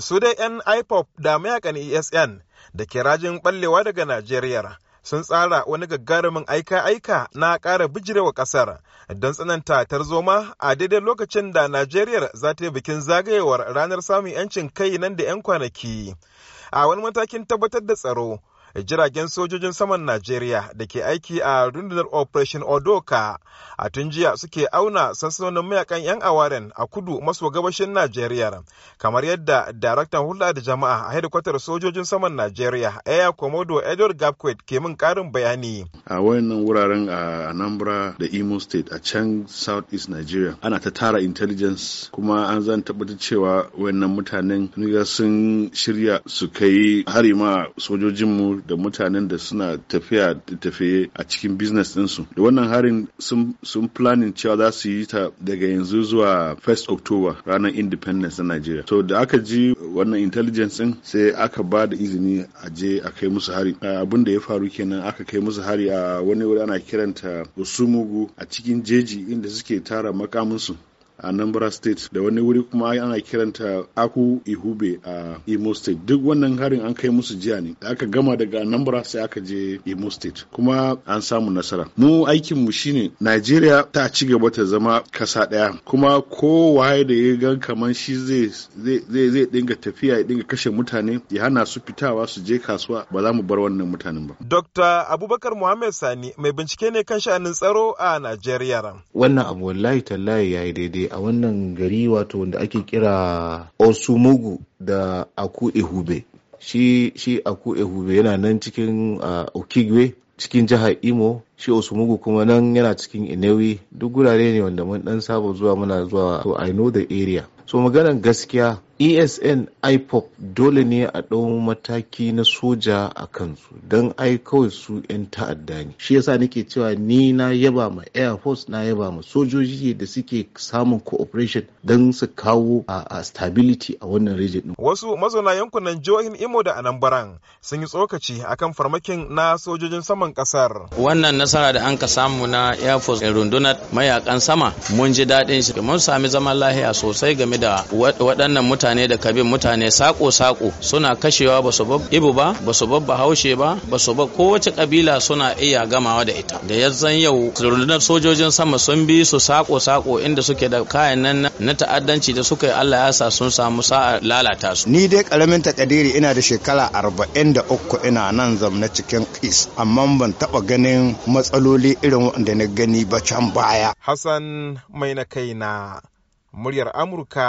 su dai 'yan ipop da mayakan esn da ke rajin ɓallewa daga najeriya sun tsara wani gagarumin aika-aika na ƙara bijirewa ƙasar don tsananta zoma a daidai lokacin da najeriya za ta yi bikin zagayewar ranar samun 'yancin kai nan da 'yan kwanaki a wani matakin tabbatar da tsaro jiragen sojojin saman Najeriya da ke aiki a rundunar Operation Odoka a tun jiya suke auna sansanonin mayakan 'yan awaren a kudu maso gabashin Najeriya kamar yadda daraktan hulɗa da jama'a a hedikwatar sojojin saman Najeriya Air Komodo Edward Gapquet ke min karin bayani. A wayannan wuraren a Anambra da Imo State a can South East Nigeria ana ta tara intelligence kuma an zan tabbatar cewa wayannan mutanen sun shirya su kai hari sojojinmu da mutanen da suna tafiya tafiye a cikin business ɗinsu da wannan harin sun planning cewa za su yi ta daga yanzu zuwa 1st october ranar independence na nigeria so da aka ji wannan intelligence din sai aka ba da izini a je a kai musu hari abin da ya faru kenan aka kai musu hari a wani wuri ana kiranta usumugu a cikin jeji inda suke tara makaminsu a Anambra State da wani wuri kuma ana kiranta Aku Ihube a Imo State duk wannan harin an kai musu jiya ne da aka gama daga Anambra sai aka je Imo State kuma an samu nasara mu aikin mu shine Najeriya ta ci gaba ta zama kasa ɗaya kuma kowaye da ya gan kamar shi zai zai dinga tafiya ya dinga kashe mutane ya hana su fitawa su je kasuwa ba za mu bar wannan mutanen ba Dr. Abubakar Muhammad Sani mai bincike ne kan sha'anin tsaro a Najeriya wannan abu wallahi tallahi yayi daidai a wannan gari wato wanda ake kira osumugu da aku ehube shi shi aku ehube yana nan cikin okigwe cikin jihar imo shi osumugu kuma nan yana cikin inewi duk gurare ne wanda mun dan saba zuwa muna zuwa to i know the area so maganan gaskiya esn ipop dole ne a ɗau mataki na soja a kansu don ai kawai su 'yan ta'adda ne shi yasa nake cewa ni na yaba ma air force na yaba ma sojoji da suke samun cooperation don su kawo a stability a wannan region wasu mazauna yankunan jihohin imo da anambaran sun yi tsokaci akan farmakin na sojojin saman kasar wannan nasara da an ka samu na air force eh, rundunar mayakan sama mun ji daɗin shi mun sami zaman lahiya sosai game da waɗannan mutane mutane da kabin mutane sako-sako suna kashewa ba su bab ibu ba ba su bab bahaushe ba ba su kowace kabila suna iya gamawa da ita da yanzan yau rundunar sojojin sama sun bi su sako-sako inda suke da kayan nan na ta'addanci da suka yi Allah ya sa sun samu sa'a lalata su ni dai karamin takadiri ina da shekara arba'in da uku ina nan zamna cikin kis amma ban taba ganin matsaloli irin wanda na gani ba can baya Hassan mai na kaina muryar Amurka